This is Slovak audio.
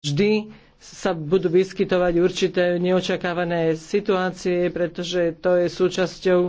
vždy sa budú vyskytovať určité neočakávané situácie, pretože to je súčasťou